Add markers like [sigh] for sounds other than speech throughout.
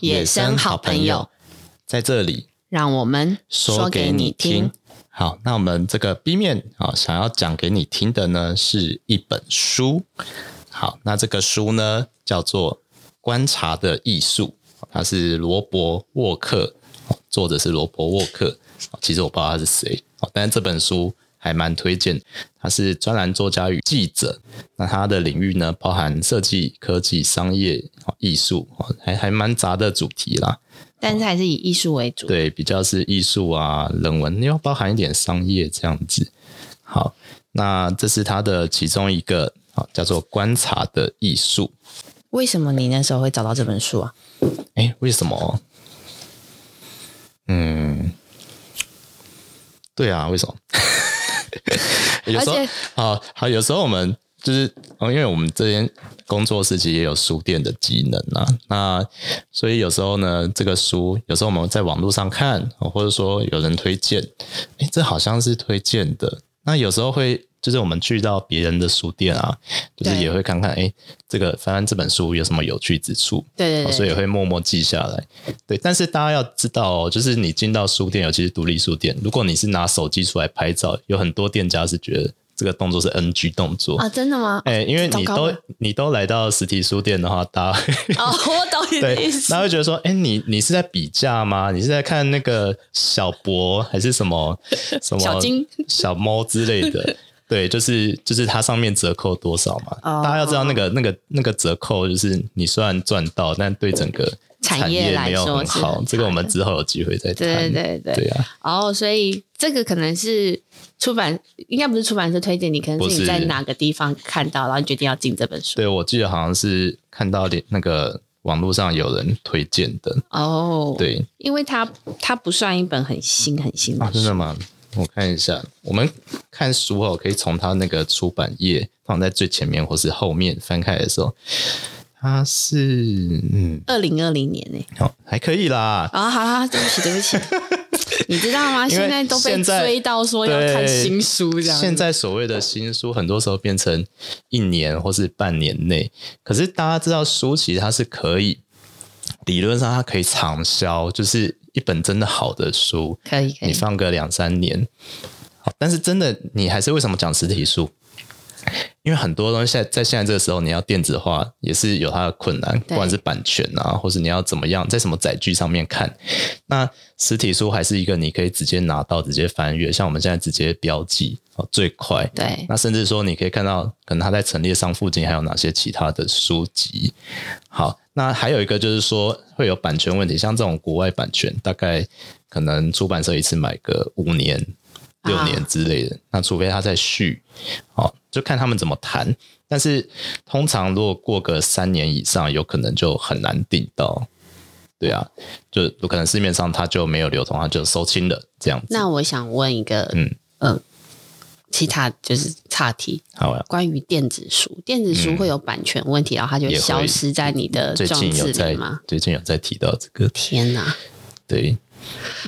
.野生好朋友，好朋友在這裡，讓我們說給你聽。好，那我們這個 B 面啊，想要講給你聽的呢，是一本書。好，那這個書呢，叫做《觀察的藝術》，它是羅伯沃克，作者是羅伯沃克。其實我不知道他是誰，但是這本書，還蠻推薦，他是專欄作家與記者，那他的領域呢，包含設計、科技、商業、藝術，還還蠻雜的主題啦。但是還是以藝術為主，對，比較是藝術啊，人文，又包含一點商業這樣子。好，那這是他的其中一個，叫做《觀察的藝術》。為什麼你那時候會找到這本書啊？哎、欸，為什麼？嗯，對啊，為什麼？ [laughs] [laughs] 有時候且啊，好，有時候我們就是，因為我們這邊工作室其實也有書店的機能吶、啊，那所以有時候呢，這個書有時候我們在網絡上看，或者說有人推薦、欸，這好像是推薦的，那有時候會。就是我們去到別人的書店啊，就是也會看看，哎對，這個翻翻這本書有什麼有趣之處？對，對，對、哦、所以也會默默記下來。對，但是大家要知道、哦，就是你進到書店，尤其是獨立書店，如果你是拿手機出來拍照，有很多店家是覺得這個動作是 NG 動作啊，真的嗎？哎，因為你都你都來到實體書店的話，大家會，哦，我懂你的意思，他會覺得說，哎，你你是在比價嗎？你是在看那個小博還是什麼什麼小金小貓之類的？對，就是就是它上面折扣多少嘛？Oh, 大家要知道那個那個那個折扣，就是你雖然賺到，但對整個產業沒有好。這個我們之後有機會再談。對對對對，對啊。Oh, 所以這個可能是出版，應該不是出版社推薦你，可能是你在哪個地方看到，是然後你決定要進這本書。對，我記得好像是看到那個網絡上有人推薦的。哦，oh, 對，因為它它不算一本很新很新的書，啊，真的嗎？我看一下，我們看書哦，可以從它那個出版頁放在最前面或是後面翻開的時候，它是嗯，二零二零年誒、欸，好、哦，還可以啦啊，好啊，對不起，對不起， [laughs] 你知道嗎？現在，現在都被追到說要看新書，這樣，現在所謂的新書，很多時候變成一年或是半年內，可是大家知道書其實它是可以，理論上它可以長銷，就是。一本真的好的書，可以，可以。你放個兩三年。好，但是真的，你還是為什麼講實體書？因為很多東西在，在現在這個時候，你要電子化也是有它的困難，不管是版權啊，對或是你要怎麼樣，在什麼載具上面看。那實體書還是一個你可以直接拿到、直接翻閱，像我們現在直接標記。最快對，那甚至說你可以看到，可能他在陳列上附近還有哪些其他的書籍。好，那還有一個就是說會有版權問題，像這種國外版權，大概可能出版社一次買個五年、啊、六年之類的。那除非他在續，好，就看他們怎麼談。但是通常如果過個三年以上，有可能就很難訂到。對啊，就可能市面上它就沒有流通，它就收清了這樣子。那我想問一個，嗯嗯。嗯其他就是岔題，好啊。關於電子書，電子書會有版權問題，嗯，然後它就消失在你的最近裝置裡嗎？最？最近有在提到這個？天哪，對，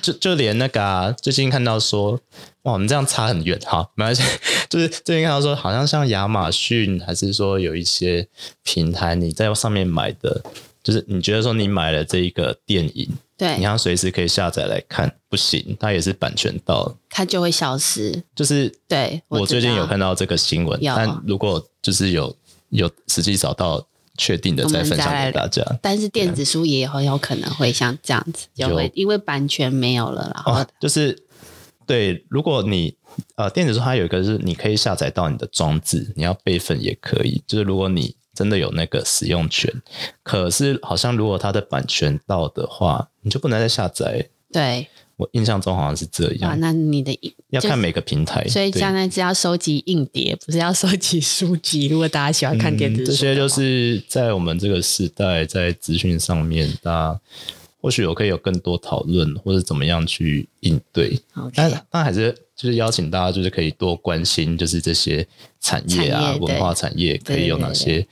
就就連那個啊，最近看到說，哇，我們這樣差很遠哈。沒關係，就是最近看到說，好像像亞馬遜還是說有一些平台，你在上面買的，就是你覺得說你買了這一個電影。對，你要隨時可以下載來看，不行，它也是版權到了，它就會消失。就是對，我，我最近有看到這個新聞，有但如果就是有有實際找到確定的，再分享給大家。但是電子書也很有可能會像這樣子就會，因為就因為版權沒有了，哦，然後就是對，如果你呃電子書它有一個是你可以下載到你的裝置，你要備份也可以。就是如果你。真的有那個使用權，可是好像如果它的版權到的話，你就不能再下載。對，我印象中好像是這樣。啊，那你的要看每個平台，就是、對所以現在只要收集硬碟，不是要收集書籍。如果大家喜歡看電子書，所以、嗯、就是在我們這個時代，在資訊上面，大家或許我可以有更多討論，或者怎麼樣去應對。Okay. 但但還是。就是邀請大家，就是可以多關心，就是這些產業啊，產業，文化產業可以有哪些，對對對對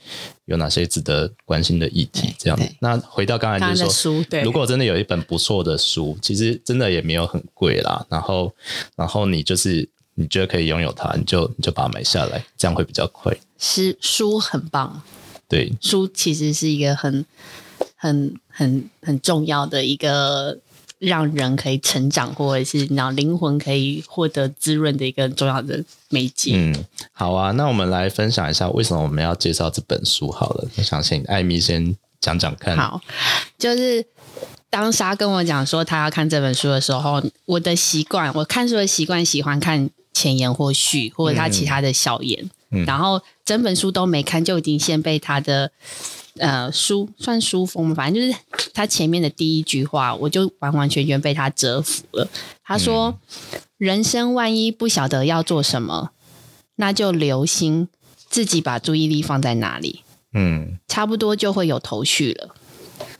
有哪些值得關心的議題？這樣子。對對對，那回到剛才就是說，書，對，如果真的有一本不錯的書，其實真的也沒有很貴啦。然後，然後你就是你覺得可以擁有它，你就你就把它買下來，這樣會比較快。是書很棒，對，書其實是一個很很很很重要的一個。讓人可以成長，或者是讓靈魂可以獲得滋潤的一個重要的媒介。嗯，好啊，那我們來分享一下為什麼我們要介紹這本書好了。我想請艾米先講講看。好，就是當莎跟我講說她要看這本書的時候，我的習慣，我看書的習慣喜歡看前言或序，或者他其他的小言，嗯嗯、然後整本書都沒看，就已經先被他的呃書算書風，反正就是他前面的第一句話，我就完完全全被他折服了。他說：“嗯、人生萬一不曉得要做什麼，那就留心自己把注意力放在哪裡，嗯，差不多就會有頭緒了。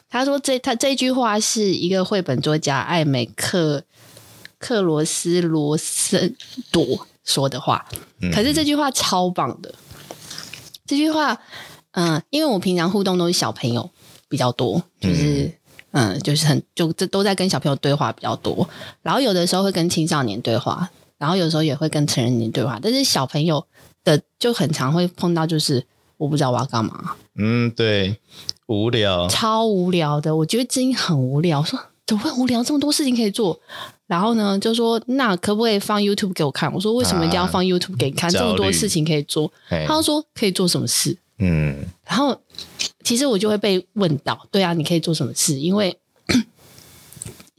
他”他說：“這他這句話是一個繪本作家艾美克。”克羅斯羅森朵說的話，可是這句話超棒的。這句話，嗯，因為我平常互動都是小朋友比較多，就是，嗯，就是很就這都在跟小朋友對話比較多，然後有的時候會跟青少年對話，然後有時候也會跟成年人對話。但是小朋友的就很常會碰到，就是我不知道我要幹嘛。嗯，對，無聊，超無聊的。我覺得真很無聊。我說，怎麼會無聊？這麼多事情可以做。然後呢，就說那可不可以放 YouTube 給我看？我說為什麼一定要放 YouTube 給你看？這麼多事情可以做。他說可以做什麼事？嗯，然後其實我就會被問到，對啊，你可以做什麼事？因為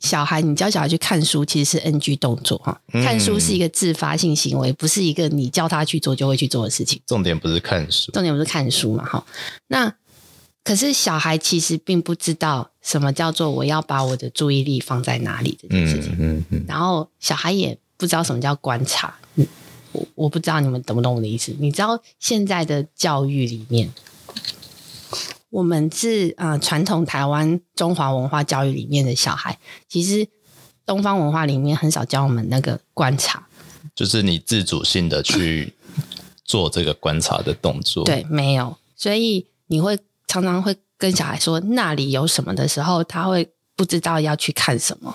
小孩，你教小孩去看書其實是 NG 動作哈，看書是一個自發性行為，嗯、不是一個你叫他去做就會去做的事情。重點不是看書，重點不是看書嘛，哈，那。可是小孩其實並不知道什麼叫做我要把我的注意力放在哪裡的這件事情，嗯，嗯，嗯，然後小孩也不知道什麼叫觀察。嗯，我我不知道你們懂不懂我的意思？你知道現在的教育裡面，我們是啊、呃，傳統台灣中華文化教育裡面的小孩，其實東方文化裡面很少教我們那個觀察，就是你自主性的去做這個觀察的動作。 [laughs] 對，沒有，所以你會。常常會跟小孩說那裡有什麼的時候，他會不知道要去看什麼，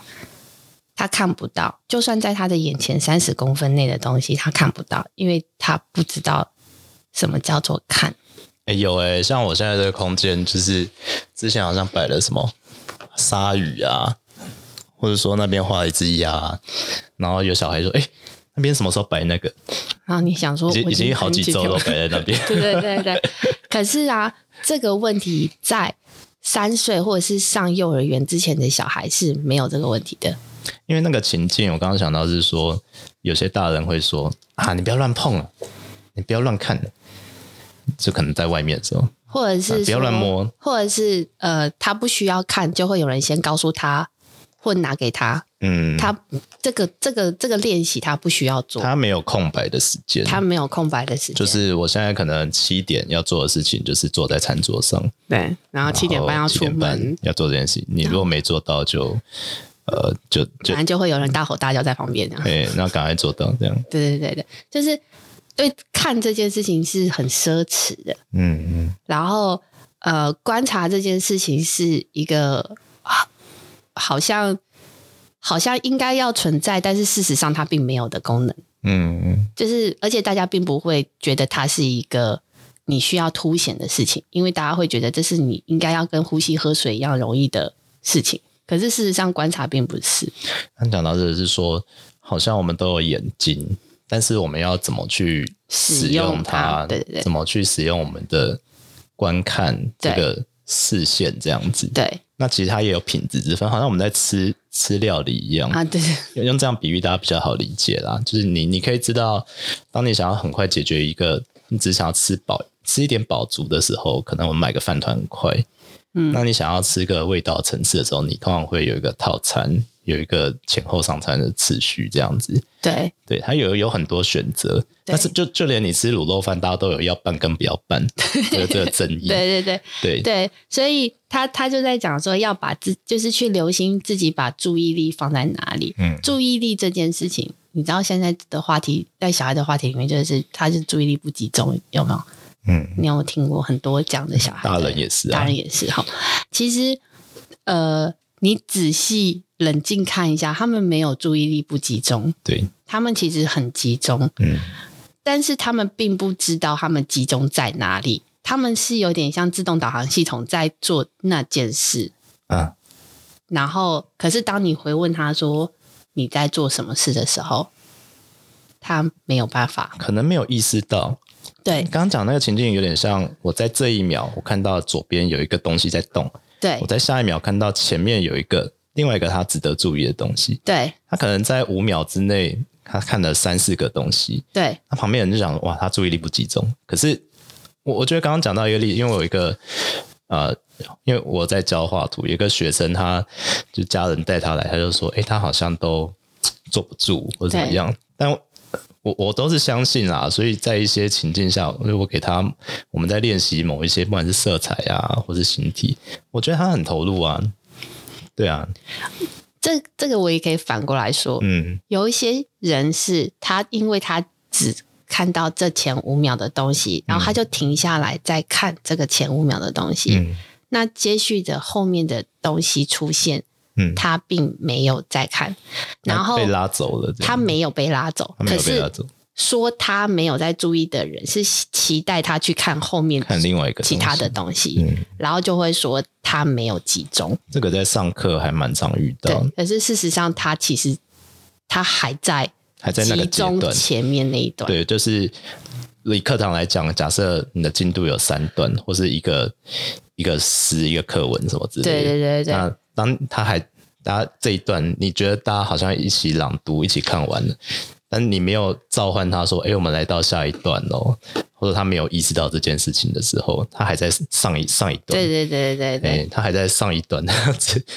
他看不到。就算在他的眼前三十公分內的東西，他看不到，因為他不知道什麼叫做看。哎，有哎，像我現在這個空間，就是之前好像擺了什麼鯊魚啊，或者說那邊畫了一隻鴨啊，然後有小孩說：“哎，那邊什麼時候擺那個？”然後你想說已經，已經好幾周都擺在那邊。 [laughs] 對對對對。 [laughs] 可是啊，這個問題在三歲或者是上幼兒園之前的小孩是沒有這個問題的。因為那個情境，我剛剛想到是說，有些大人會說：“啊，你不要亂碰啊，你不要亂看。”就可能在外面的時候，或者是，啊，不要亂摸，或者是呃，他不需要看，就會有人先告訴他。會拿給他，嗯，他這個這個這個練習他不需要做，他沒有空白的時間，他沒有空白的時間，就是我現在可能七點要做的事情就是坐在餐桌上，對，然後七點半要出門要做這件事，後你如果沒做到就，後呃，就，就反正就會有人大吼大叫在旁邊，對，然後趕快做到這樣，對對對對，就是對看這件事情是很奢侈的，嗯嗯，然後呃觀察這件事情是一個。好像好像應該要存在，但是事實上它並沒有的功能。嗯，就是，而且大家並不會覺得它是一個你需要凸顯的事情，因為大家會覺得這是你應該要跟呼吸喝水一樣容易的事情。可是事實上觀察並不是。剛講到這個是說，好像我們都有眼睛，但是我們要怎麼去使用它？用它，對對對，怎麼去使用我們的觀看這個？視線這樣子，對，那其實它也有品質之分，好像我們在吃吃料理一樣啊，對，對,對，用這樣比喻大家比較好理解啦。就是你你可以知道，當你想要很快解決一個，你只想要吃飽吃一點飽足的時候，可能我們買個飯糰很快，嗯，那你想要吃個味道層次的時候，你通常會有一個套餐。有一個前後上餐的次序，這樣子。對，對，他有有很多選擇，對但是就就連你吃滷肉飯，大家都有要拌跟不要拌的 [laughs] 對這個爭議。 [laughs] 對對對對對，所以他他就在講說，要把自就是去留心自己把注意力放在哪裡。嗯，注意力這件事情，你知道現在的話題，在小孩的話題裡面，就是他是注意力不集中，有沒有？嗯，你有，有聽過很多這樣的小孩、嗯？大人也是啊，大人也是哈、啊。其實，呃，你仔細。冷靜看一下，他們沒有注意力不集中，對，他們其實很集中，嗯，但是他們並不知道他們集中在哪裡，他們是有點像自動導航系統在做那件事啊。然後，可是當你回問他說你在做什麼事的時候，他沒有辦法，可能沒有意識到。對，剛剛講那個情境有點像，我在這一秒我看到左邊有一個東西在動，對，我在下一秒看到前面有一個另外一個他值得注意的東西，對，他可能在五秒之內，他看了三四個東西。對，他旁邊人就想，哇，他注意力不集中。可是我我覺得剛剛講到一個例子，因為我有一個呃，因為我在教畫圖，有一個學生他，他就家人帶他來，他就說，哎，他好像都坐不住或怎麼樣。對但我我都是相信啦，所以在一些情境下，如果我給他，我們在練習某一些，不管是色彩啊，或是形體，我覺得他很投入啊。對啊，這這個我也可以反過來說，嗯，有一些人是他，因為他只看到這前五秒的東西，嗯，然後他就停下來再看這個前五秒的東西，嗯，那接續的後面的東西出現，嗯，他並沒有再看，嗯，然後被拉走了，他沒有被拉走，拉走可是，說他沒有在注意的人，是期待他去看後面，看另外一個其他的東西，東西嗯，然後就會說他沒有集中。這個在上課還蠻常遇到，可是事實上他其實他還在集中，還在那個階段前面那一段。對，就是以課堂來講，假設你的進度有三段或是一個一個詩、一個課文什麼之類的。對對對對。那當他還大家這一段，你覺得大家好像一起朗讀，一起看完了。但你沒有召喚他說，誒，我們來到下一段哦。或者他沒有意識到這件事情的時候，他還在上一上一段。對對對對對。誒，他還在上一段，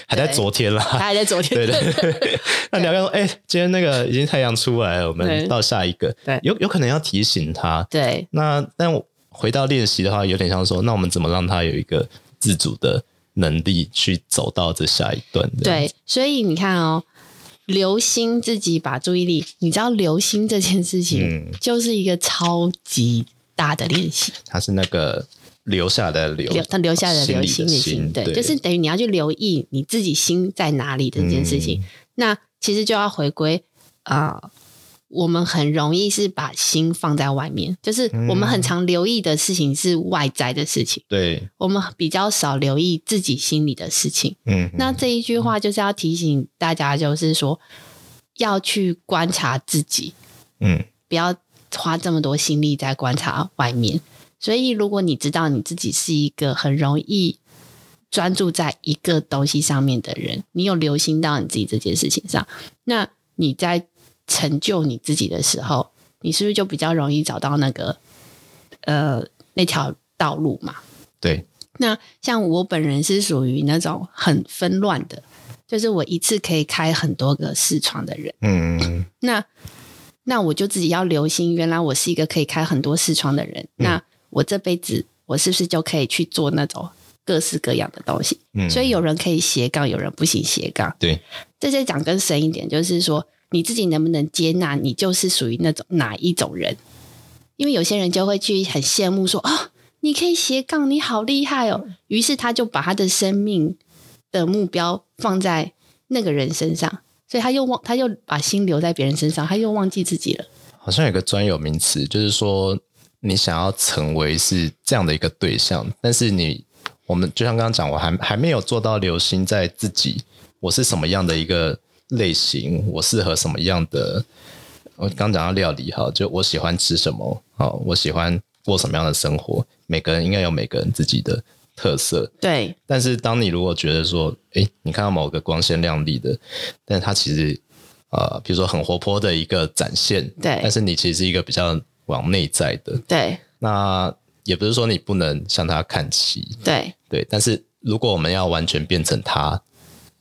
還在昨天啦。他還在昨天。對對對。那你要說，誒，今天那個已經太陽出來了，我們到下一個。對，有有可能要提醒他。對。那，但回到練習的話，有點像說，那我們怎麼讓他有一個自主的能力去走到這下一段？對，所以你看哦。留心自己，把注意力，你知道，留心這件事情，就是一個超級大的練習。嗯。它是那個留下的留，留，它留下的留心的心。心裡的心。對，對，就是等於你要去留意你自己心在哪裡的這件事情。嗯、那其實就要回歸啊。呃我們很容易是把心放在外面，就是我們很常留意的事情是外在的事情，嗯、對我們比較少留意自己心裡的事情。嗯，嗯，那這一句話就是要提醒大家，就是說要去觀察自己，嗯，不要花這麼多心力在觀察外面。所以，如果你知道你自己是一個很容易專注在一個東西上面的人，你有留心到你自己這件事情上，那你在。成就你自己的時候，你是不是就比較容易找到那個呃那條道路嘛？對。那像我本人是屬於那種很紛亂的，就是我一次可以開很多個視窗的人。嗯嗯。那那我就自己要留心，原來我是一個可以開很多視窗的人。嗯、那我這輩子我是不是就可以去做那種各式各樣的東西？嗯。所以有人可以斜槓，有人不行斜槓。對。這些講更深一點，就是說。你自己能不能接納？你就是屬於那種哪一種人？因為有些人就會去很羨慕說，說、啊、哦，你可以斜槓，你好厲害哦。於是他就把他的生命的目標放在那個人身上，所以他又忘，他又把心留在別人身上，他又忘記自己了。好像有一個專有名詞，就是說你想要成為是這樣的一個對象，但是你我們就像剛剛講，我還還沒有做到留心在自己，我是什麼樣的一個。類型，我適合什麼樣的？我剛講到料理哈，就我喜歡吃什麼？好，我喜歡過什麼樣的生活？每個人應該有每個人自己的特色。對。但是，當你如果覺得說，哎、欸，你看到某個光鮮亮麗的，但它其實，啊、呃，比如說很活潑的一個展現。對。但是你其實是一個比較往內在的。對。那也不是說你不能向它看齊。對。對。但是如果我們要完全變成它，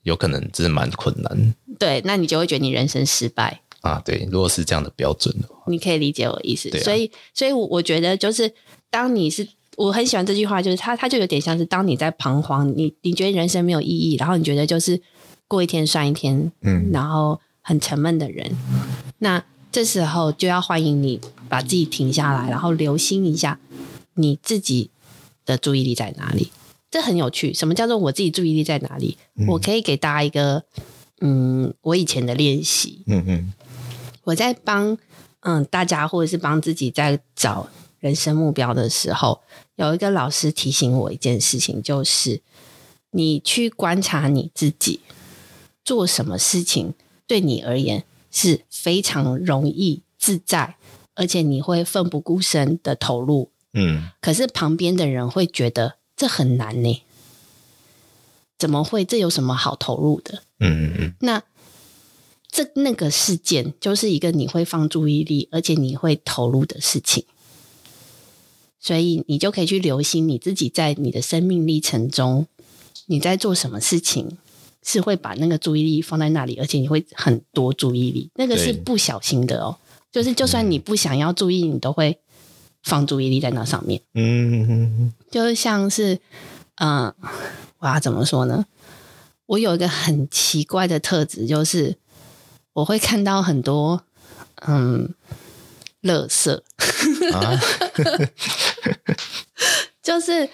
有可能真是蠻困難。對，那你就會覺得你人生失敗啊。對，如果是這樣的標準的話，你可以理解我的意思。對、啊，所以，所以我我覺得就是，當你是我很喜歡這句話，就是他他就有點像是當你在彷徨，你你覺得人生沒有意義，然後你覺得就是過一天算一天，嗯，然後很沉悶的人，嗯、那這時候就要歡迎你把自己停下來，然後留心一下，你自己的注意力在哪裡？這很有趣。什麼叫做我自己注意力在哪裡？嗯、我可以給大家一個。嗯，我以前的練習，嗯嗯，我在幫嗯大家或者是幫自己在找人生目標的時候，有一個老師提醒我一件事情，就是你去觀察你自己，做什麼事情對你而言是非常容易自在，而且你會奮不顧身的投入，嗯， [laughs] 可是旁邊的人會覺得這很難呢？怎麼會？這有什麼好投入的？嗯嗯嗯。 [noise] 那這那個事件就是一個你會放注意力，而且你會投入的事情，所以你就可以去留心你自己，在你的生命歷程中，你在做什麼事情，是會把那個注意力放在那裡，而且你會很多注意力，那個是不小心的哦，對就是就算你不想要注意，你都會放注意力在那上面。嗯嗯嗯，就是像是，嗯、呃，哇，怎麼說呢？我有一個很奇怪的特質，就是我會看到很多嗯，垃圾， [laughs] 啊、 [laughs] 就是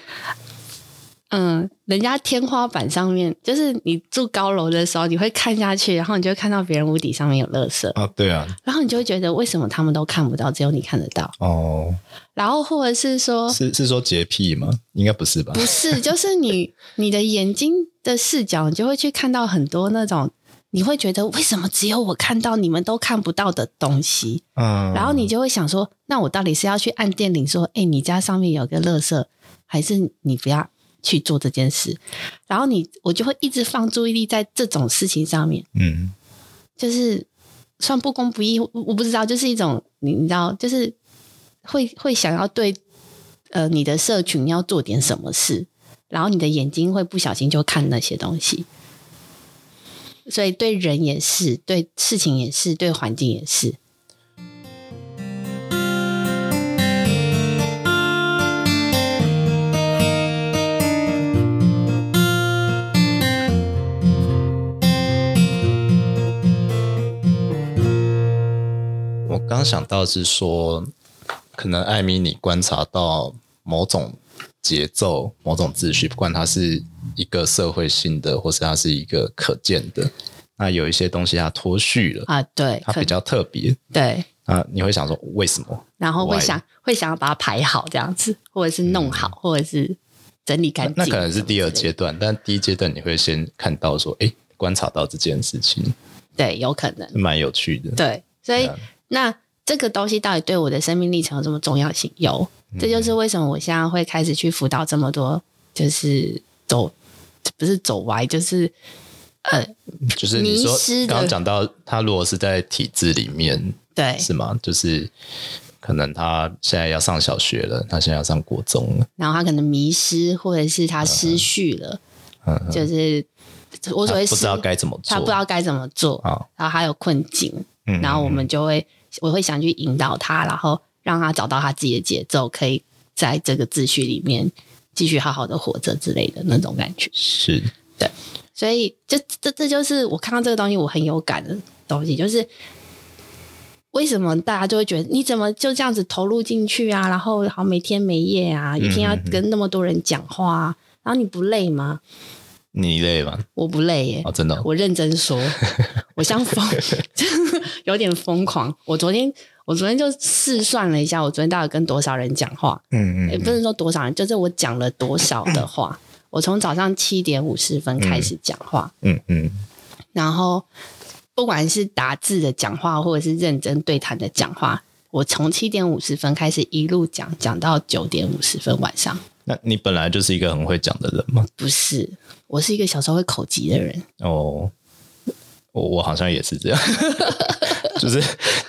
嗯，人家天花板上面，就是你住高樓的時候，你會看下去，然後你就會看到別人屋頂上面有垃圾啊，對啊，然後你就會覺得為什麼他們都看不到，只有你看得到哦，然後或者是說，是是說潔癖嗎？應該不是吧？不是，就是你你的眼睛。的視角，你就會去看到很多那種，你會覺得為什麼只有我看到，你們都看不到的東西？嗯、uh，然後你就會想說，那我到底是要去按電鈴說，哎、欸，你家上面有個垃圾，還是你不要去做這件事？然後你我就會一直放注意力在這種事情上面，嗯，就是算不公不義，我不知道，就是一種你你知道，就是會會想要對呃你的社群要做點什麼事。然後你的眼睛會不小心就看那些東西，所以對人也是，對事情也是，對環境也是。我剛想到是說，可能艾米，你觀察到某種。節奏、某種秩序，不管它是一個社會性的，或是它是一個可見的，那有一些東西它脫序了啊，對，它比較特別，對啊，你會想說為什麼？然後會想 Why? 會想要把它排好這樣子，或者是弄好，嗯、或者是整理乾淨那。那可能是第二階段，但第一階段你會先看到說，哎，觀察到這件事情，對，有可能蠻有趣的，對，所以、啊、那這個東西到底對我的生命歷程有什麼重要性？有。這就是為什麼我現在會開始去輔導這麼多，就是走不是走歪，就是呃，就是你說迷失。剛剛講到他如果是在體制裡面，對，是嗎？就是可能他現在要上小學了，他現在要上國中了，然後他可能迷失，或者是他失去了，嗯嗯、就是無所謂，不知道該怎麼做，他不知道該怎麼做，麼做好然後他有困境，嗯、哼然後我們就會，我會想去引導他，嗯、哼然後。讓他找到他自己的節奏，可以在這個秩序裡面繼續好好的活着之類的那種感覺，是對。所以，這這這就是我看到這個東西我很有感的東西，就是為什麼大家就會覺得你怎麼就這樣子投入進去啊？然後好每天每夜啊，嗯嗯嗯一天要跟那麼多人講話、啊，然後你不累嗎？你累嗎？我不累耶、欸哦，真的、哦，我認真說， [laughs] 我像瘋， [laughs] 有點瘋狂。我昨天。我昨天就試算了一下，我昨天到底跟多少人講話？嗯嗯，也、嗯欸、不是說多少人，就是我講了多少的話。嗯、我從早上七點五十分開始講話，嗯嗯，嗯嗯然後不管是打字的講話，或者是認真對談的講話，我從七點五十分開始一路講，講到九點五十分晚上。那你本來就是一個很會講的人嗎？不是，我是一個小時候會口吃的人。哦。我我好像也是這樣， [laughs] [laughs] 就是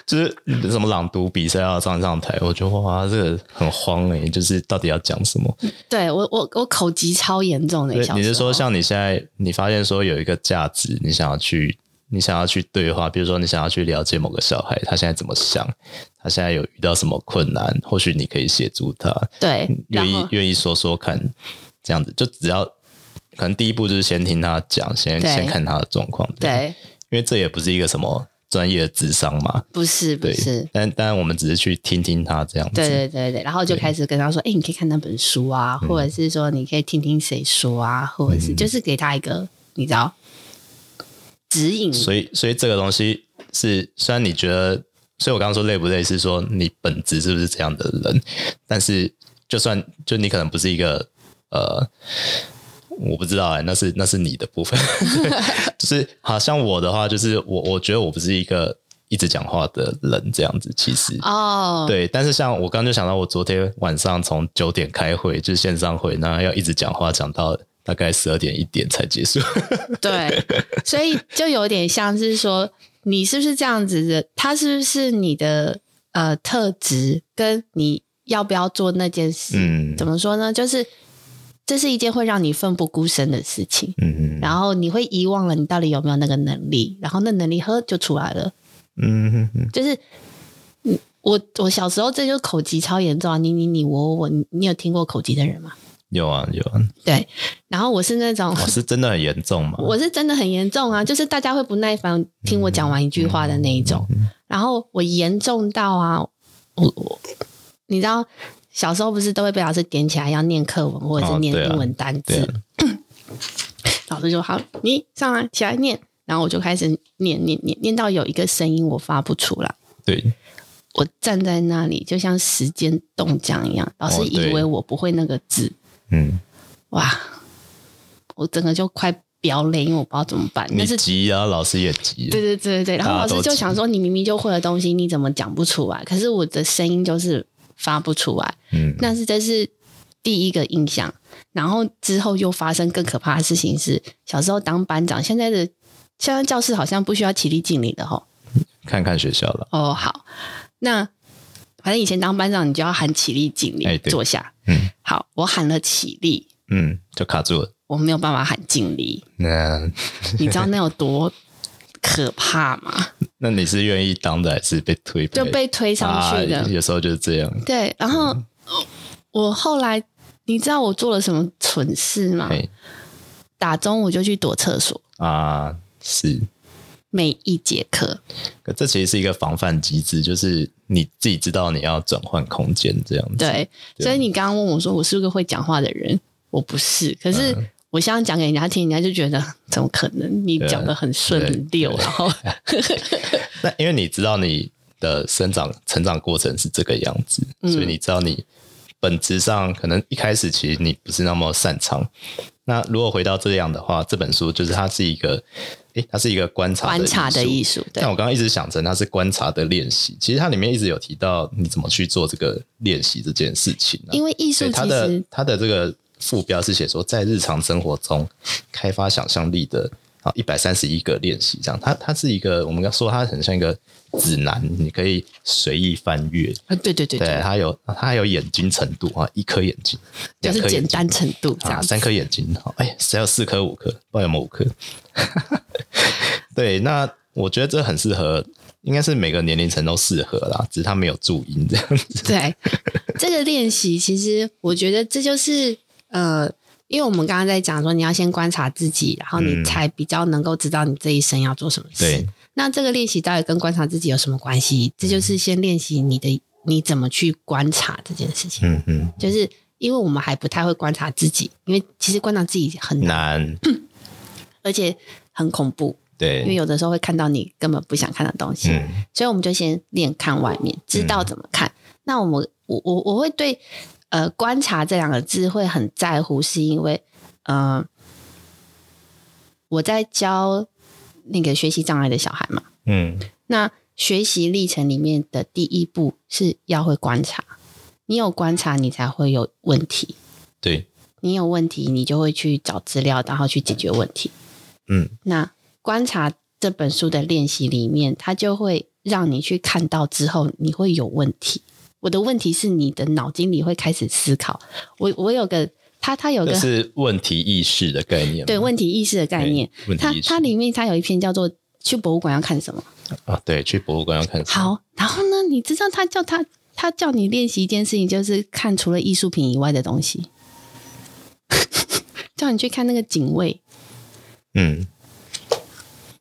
就是什麼朗讀比賽要，啊，上上台，我覺得哇，這個很慌誒，欸。就是到底要講什麼？對，我我我口疾超嚴重的一。你是說像你現在你發現說有一個價值，你想要去你想要去對話，比如說你想要去了解某個小孩他現在怎麼想，他現在有遇到什麼困難，或許你可以協助他。對，願意後願意說說看，這樣子就只要可能第一步就是先聽他講，先對先看他的狀況。對。因為這也不是一個什麼專業的諮商嘛，不是不是，但當然我們只是去聽聽他這樣，對對對對，然後就開始跟他說，哎對、欸，你可以看那本書啊，嗯、或者是說你可以聽聽誰說啊，或者是就是給他一個你知道指引。所以所以這個東西是，雖然你覺得，所以我剛剛說累不累是說你本質是不是這樣的人，但是就算就你可能不是一個呃。我不知道哎、欸，那是那是你的部分， [laughs] 就是好像我的話就是我我覺得我不是一個一直講話的人這樣子，其實哦、oh. 對，但是像我剛就想到我昨天晚上從九點開會就是線上會，然後要一直講話講到大概十二點一點才結束， [laughs] 對，所以就有點像是說你是不是這樣子的，他是不是你的呃特質跟你要不要做那件事，嗯、怎麼說呢？就是。這是一件會讓你奮不顧身的事情，嗯嗯哼，然後你會遺忘了你到底有沒有那個能力，然後那能力呵就出來了，嗯哼哼就是，我我小時候這就口吃超嚴重啊，你你你我我你有聽過口吃的人嗎？有啊有啊，有啊對，然後我是那種我是真的很嚴重嘛， [laughs] 我是真的很嚴重啊，就是大家會不耐煩聽我講完一句話的那一種，嗯、哼然後我嚴重到啊，我我你知道。小時候不是都會被老師點起來要念課文，或者是念英文單字、哦啊。 [coughs] 老師就說：“好，你上來起來念。”然後我就開始念念念，念到有一個聲音我發不出來。對，我站在那裡就像時間凍僵一樣。老師以為我不會那個字。嗯、哦，哇，我整個就快飆淚，因為我不知道怎麼辦。嗯、但是你急啊，老師也急。對對對對對，然後老師就想說：“你明明就會的東西，你怎麼講不出來？”可是我的聲音就是。發不出來，嗯、那是這是第一個印象。然後之後又發生更可怕的事情是，小時候當班長，現在的現在教室好像不需要起立敬禮的吼，看看學校了。哦，好，那反正以前當班長你就要喊起立敬禮，坐下。欸、嗯，好，我喊了起立，嗯，就卡住了，我沒有辦法喊敬禮。那、嗯、 [laughs] 你知道那有多？可怕嗎？ [laughs] 那你是願意當的還是被推？就被推上去的、啊，有時候就是這樣。對，然後、嗯、我後來，你知道我做了什麼蠢事嗎？嘿打中午就去躲廁所啊！是每一節課，這其實是一個防範機制，就是你自己知道你要轉換空間這樣子。對，對所以你剛剛問我說，我是不是會講話的人？我不是，可是。嗯我想講給人家聽，人家就覺得怎麼可能？你講得很順溜，然後 [laughs] 那因為你知道你的生長成長過程是這個樣子，嗯、所以你知道你本質上可能一開始其實你不是那麼擅長。那如果回到這樣的話，這本書就是它是一個，哎、欸，它是一個觀察的藝術，觀察的藝術。但我剛剛一直想成它是觀察的練習，其實它裡面一直有提到你怎麼去做這個練習這件事情、啊。因為藝術，它的它的這個。副標是寫說，在日常生活中開发想象力的啊，一百三十一個練習，這樣。它它是一個，我們要說它很像一個指南，你可以隨意翻閱。啊，對對對,對，對它有它有眼睛程度啊，一顆眼睛，就是簡單程度，這樣兩顆眼睛，三顆眼睛，好，哎、欸，還有四顆五顆，不知道有沒有五顆。 [laughs] 對，那我覺得這很適合，應該是每個年齡層都適合啦，只是它沒有注音這樣子。對，這個練習其實我覺得這就是。呃，因為我們剛剛在講說，你要先觀察自己，然後你才比較能夠知道你這一生要做什麼事。嗯、那這個練習到底跟觀察自己有什麼關係？這就是先練習你的、嗯、你怎麼去觀察這件事情。嗯嗯，嗯就是因為我們還不太會觀察自己，因為其實觀察自己很難，難，而且很恐怖。對，因為有的時候會看到你根本不想看的東西。嗯、所以我們就先練看外面，知道怎麼看。嗯、那我們我我我會對。呃，觀察這兩個字會很在乎，是因為，嗯，呃，我在教那個學習障礙的小孩嘛，嗯，那學習歷程裡面的第一步是要會觀察，你有觀察，你才會有問題，對，你有問題，你就會去找資料，然後去解決問題，嗯，那觀察這本書的練習裡面，它就會讓你去看到之後，你會有問題。我的問題是，你的腦筋裡會開始思考。我我有個他，他有個是問題意識的概念，對問題意識的概念。它它裡面它有一篇叫做《去博物館要看什麼》啊，對，去博物館要看什麼？好，然後呢，你知道他叫他他叫你練習一件事情，就是看除了藝術品以外的東西， [laughs] 叫你去看那個警衛。嗯，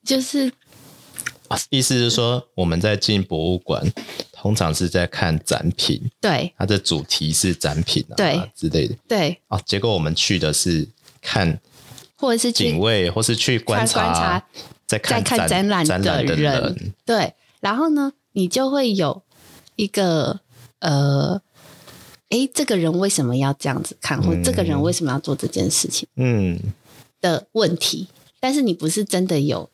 就是、啊、意思就是說，嗯、我們在進博物館。通常是在看展品，對，它的主題是展品啊，對，之類的，對。啊，結果我們去的是看，或者是警衛，或是去觀察觀察，看在看展覽的人，的人對。然後呢，你就會有一個呃，誒，這個人為什麼要這樣子看，嗯、或這個人為什麼要做這件事情，嗯的問題。嗯、但是你不是真的有。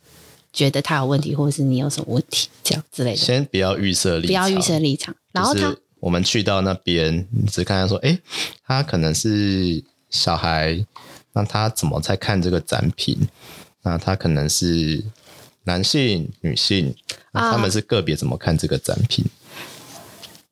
覺得他有問題，或者是你有什麼問題，這樣之類的。先不要預設立場，不要預設立場。然後他，我們去到那邊，你只看他說：“哎、欸，他可能是小孩，那他怎麼在看這個展品？那他可能是男性、女性，他們是個別怎麼看這個展品？”啊、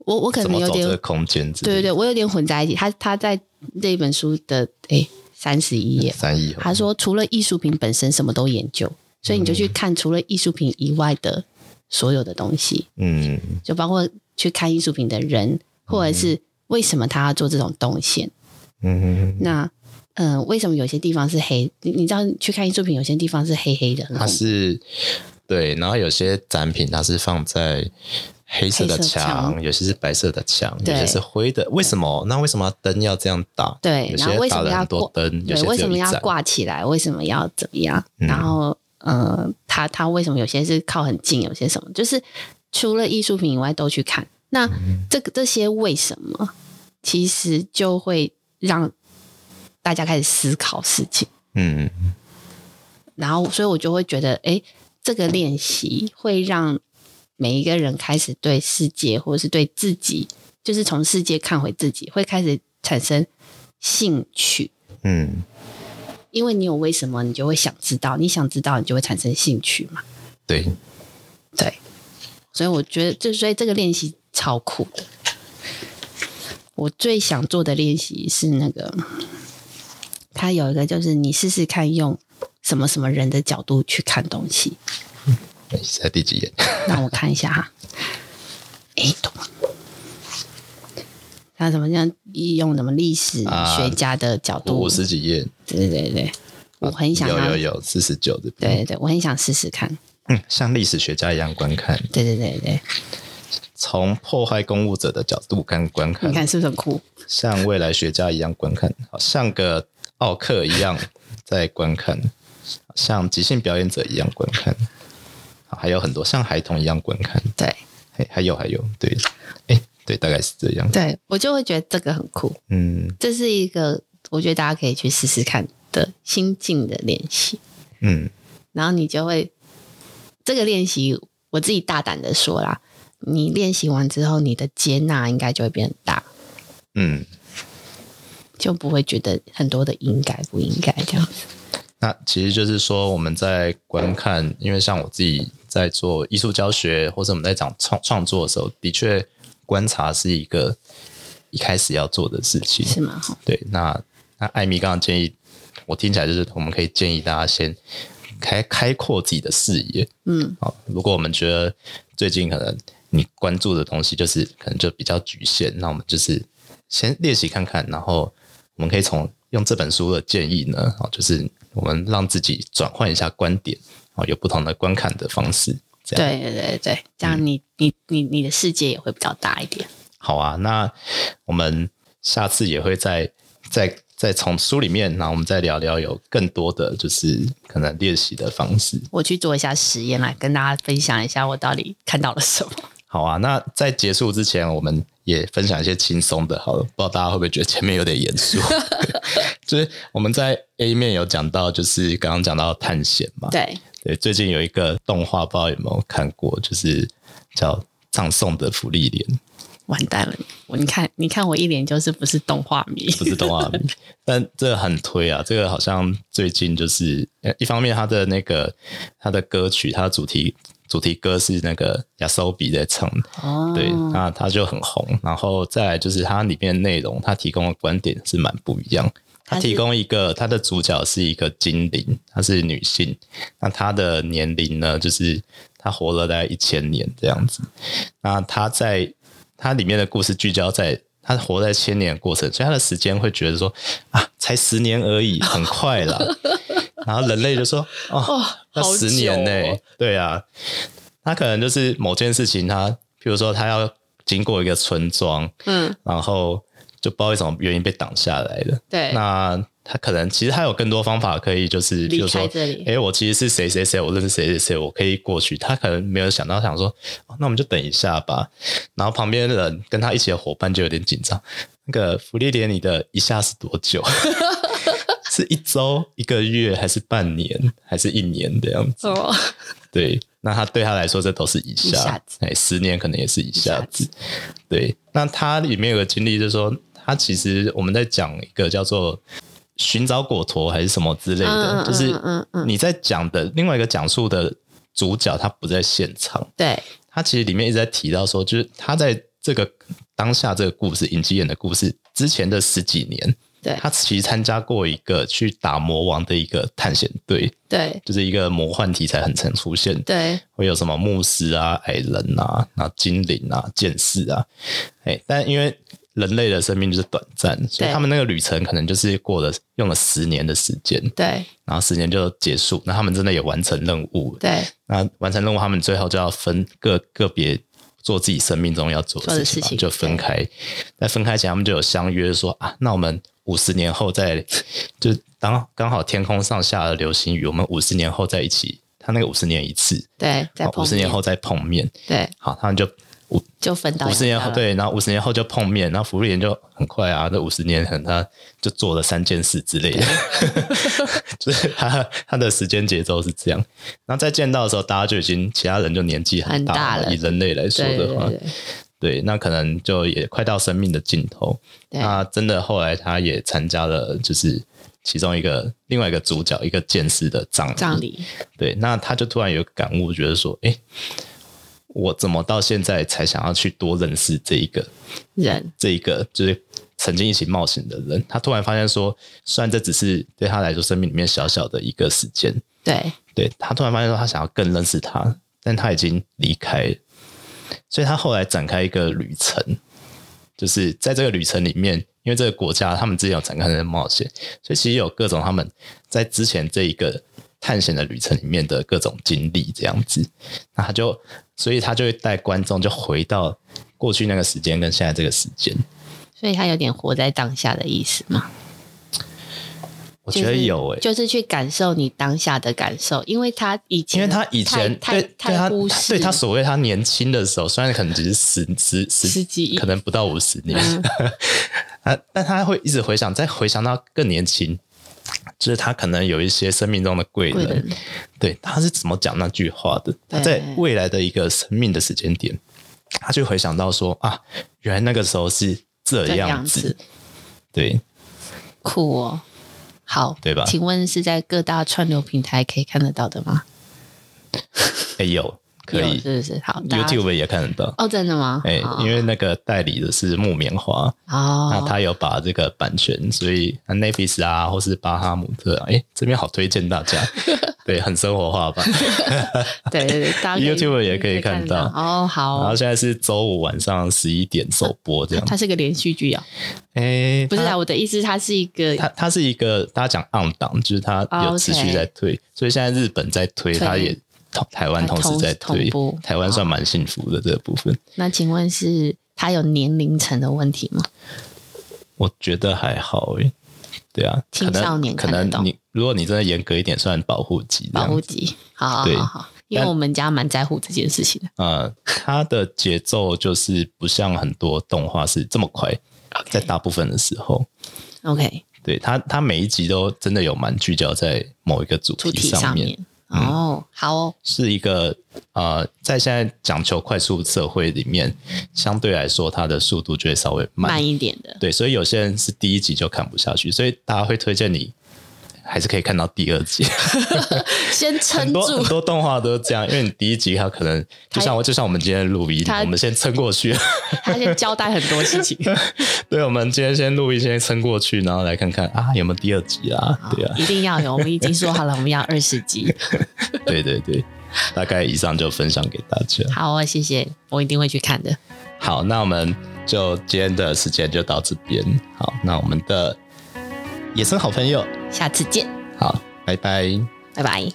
我我可能有點怎麼走這個空間，對對對，我有點混在一起。他他在這一本書的哎、欸、三十一頁，三十一頁他說，除了藝術品本身，什麼都研究。所以你就去看除了藝術品以外的所有的東西，嗯，就包括去看藝術品的人，或者是為什麼他要做這種動線，嗯那嗯，為什麼有些地方是黑？你你知道去看藝術品，有些地方是黑黑的，它是對，然後有些展品它是放在黑色的牆，有些是白色的牆，有些是灰的，為什麼？那為什麼燈要這樣打？對，然後為什麼要燈？對，為什麼要掛起來？為什麼要怎麼樣？然後。呃，他他為什麼有些是靠很近，有些什麼？就是除了藝術品以外，都去看。那這個、嗯、這些為什麼？其實就會讓大家開始思考事情。嗯，然後，所以我就會覺得，哎、欸，這個練習會讓每一個人開始對世界，或是對自己，就是從世界看回自己，會開始產生興趣。嗯。因為你有為什麼，你就會想知道；你想知道，你就會產生興趣嘛。對，對，所以我覺得，就所以這個練習超酷的。我最想做的練習是那個，他有一個就是你試試看用什麼什麼人的角度去看東西。哎、嗯，在第幾頁？ [laughs] 讓我看一下哈。誒，懂嗎？他怎麼這樣？用什麼歷史學家的角度？啊、五十幾頁。對對對，我很想有有有四十九的。對對對，我很想試試看。嗯、像歷史學家一樣觀看。對對對對。從破壞公物者的角度看觀看，你看是不是很酷？像未來學家一樣觀看，好像個奧客一樣在觀看， [laughs] 像即興表演者一樣觀看，還有很多像孩童一樣觀看。對，還有還有，對，欸對，大概是這樣。對，我就會覺得這個很酷，嗯，這是一個我覺得大家可以去試試看的心境的練習，嗯，然後你就會這個練習，我自己大膽的說啦，你練習完之後，你的接納應該就會變很大，嗯，就不會覺得很多的應該不應該這樣子。那其實就是說我們在觀看，因為像我自己在做藝術教學，或者我們在講創創作的時候，的確。觀察是一個一開始要做的事情，是蠻嗎好。對，那那艾米剛剛建議，我聽起來就是我們可以建議大家先開開闊自己的視野，嗯，好、哦。如果我們覺得最近可能你關注的東西就是可能就比較侷限，那我們就是先練習看看，然後我們可以從用這本書的建議呢，啊、哦，就是我們讓自己轉換一下觀點，啊、哦，有不同的觀看的方式。對對對對，這樣你、嗯、你你你的世界也會比較大一點。好啊，那我們下次也會再再再從書裡面，然後我們再聊聊有更多的就是可能練習的方式。我去做一下實驗來跟大家分享一下，我到底看到了什麼。好啊，那在結束之前，我們也分享一些輕鬆的。好了，不知道大家會不會覺得前面有點嚴肅？ [laughs] [laughs] 就是我們在 A 面有講到，就是剛剛講到探險嘛。對。對，最近有一個動畫，不知道有沒有看過，就是叫《葬送的芙莉蓮》。完蛋了，我你看，你看我一臉就是不是動畫迷， [laughs] 不是動畫迷。但這個很推啊，這個好像最近就是一方面他的那個他的歌曲，他主題主題歌是那個亞索比在唱，哦、對，那他就很紅。然後再來，就是它裡面的內容，它提供的觀點是蠻不一樣。他提供一個，他的主角是一個精靈，她是女性。那她的年齡呢？就是她活了大概一千年這樣子。那她在她裡面的故事聚焦在她活在千年的過程，所以她的時間會覺得說啊，才十年而已，很快啦。 [laughs] 然後人類就說哦，要、哦、十年呢、欸？哦、對啊，他可能就是某件事情他，他比如說他要經過一個村莊，嗯，然後。就不知道為什麼原因被擋下來了。對，那他可能其實他有更多方法可以，就是比如說，哎、欸，我其實是誰誰誰，我認識誰誰誰，我可以過去。他可能沒有想到，想說，哦、那我們就等一下吧。然後旁邊人跟他一起的夥伴就有點緊張。那個福利連你的一下是多久？ [laughs] 是一周、一個月，還是半年，還是一年這樣子？哦、對，那他對他來說，這都是一下，一下子。哎，十年可能也是一下子。一下子。對，那他裡面有個經歷，就是說。他其實我們在講一個叫做尋找果陀還是什麼之類的，就是你在講的另外一個講述的主角他不在現場。對，他其實裡面一直在提到說，就是他在這個當下這個故事影集演的故事之前的十幾年，對，他其實參加過一個去打魔王的一個探險隊，對，就是一個魔幻題材很常出現，對，會有什麼牧師啊、矮人啊、啊、那精靈啊、劍士啊、哎，但因為。人類的生命就是短暫，對所以他們那個旅程可能就是過了用了十年的時間，對，然後十年就結束，那他們真的也完成任務了，對，那完成任務，他們最後就要分個個別做自己生命中要做的事情，事情就分開。對在分開前，他們就有相約說啊，那我們五十年後再，就剛剛好天空上下的流星雨，我們五十年後在一起。他那個五十年一次，對，在五十年後再碰面，對，好，他們就。就分到五十年後，對，然後五十年後就碰面，對然後芙莉蓮就很快啊，那五十年很他就做了三件事之類的，對 [laughs] 就是他他的時間節奏是這樣。那再在見到的時候，大家就已經其他人就年紀很大,很大了，以人類來說的話，對,對,對,對，那可能就也快到生命的盡頭。對那真的後來他也參加了，就是其中一個另外一個主角一個劍士的葬葬禮，葬禮對，那他就突然有感悟，覺得說，哎。我怎麼到現在才想要去多認識這一個人？這一個就是曾經一起冒險的人。他突然發現說，雖然這只是對他來說生命裡面小小的一個時間，對，對他突然發現說他想要更認識他，但他已經離開，所以他後來展開一個旅程。就是在這個旅程裡面，因為這個國家他們之前有展開很多冒險，所以其實有各種他們在之前這一個。探險的旅程裡面的各種經歷，這樣子，那他就，所以他就會帶觀眾就回到過去那個時間跟現在這個時間，所以他有點活在當下的意思嘛？我覺得有誒、欸就是，就是去感受你當下的感受，因為他以前，因為他以前，太對太對他，對他所謂他年輕的時候，雖然可能只是十十十十幾，可能不到五十年，啊、嗯， [laughs] 但他會一直回想，再回想到更年輕。就是他可能有一些生命中的貴人，人對，他是怎麼講那句話的？對他在未來的一個生命的時間點，他就回想到說啊，原來那個時候是這樣子，樣子對，酷哦，好，對吧？請問是在各大串流平台可以看得到的嗎？沒有、 [laughs] 哎呦。可以，是是。好？YouTube 也看得到哦？真的嗎？哎，因為那個代理的是木棉花哦，那他有把這個版權，所以 Netflix 啊，或是巴哈姆特啊，哎，這邊好推薦大家，對，很生活化吧？對對對，YouTube 也可以看到哦。好，然後現在是周五晚上十一點首播，這樣。它是個連續劇啊？哎，不是啊，我的意思，它是一個，它它是一個，大家講 on 檔就是它有持續在推，所以現在日本在推，它也。台灣同時在同步，台灣算蠻幸福的這部分。那請問是他有年齡層的問題嗎？我覺得還好耶。對啊，青少年可能你如果你真的嚴格一點，算保護級，保護級，好好好，因為我們家蠻在乎這件事情的。呃，他的節奏就是不像很多動畫是這麼快，在大部分的時候，OK，對他他每一集都真的有蠻聚焦在某一個主題上面。嗯、哦，好哦，是一個呃，在現在講求快速社會裡面，相對來說它的速度就會稍微慢，慢一點的，對，所以有些人是第一集就看不下去，所以大家會推薦你，還是可以看到第二集， [laughs] [laughs] 先撐住很，很多很多動畫都是這樣，因為你第一集它可能就像他就像我們今天錄影，他我們先撐過去。 [laughs] 他先交代很多事情。 [laughs] 對，我們今天先錄影，先撐過去，然後來看看啊有沒有第二集啊？好對啊，一定要有，我們已經說好了， [laughs] 我們要二十集。 [laughs] 對對對，大概以上就分享給大家。好啊、哦，謝謝，我一定會去看的。好，那我們就今天的時間就到這邊。好，那我們的野生好朋友。下次見。好，拜拜。拜拜。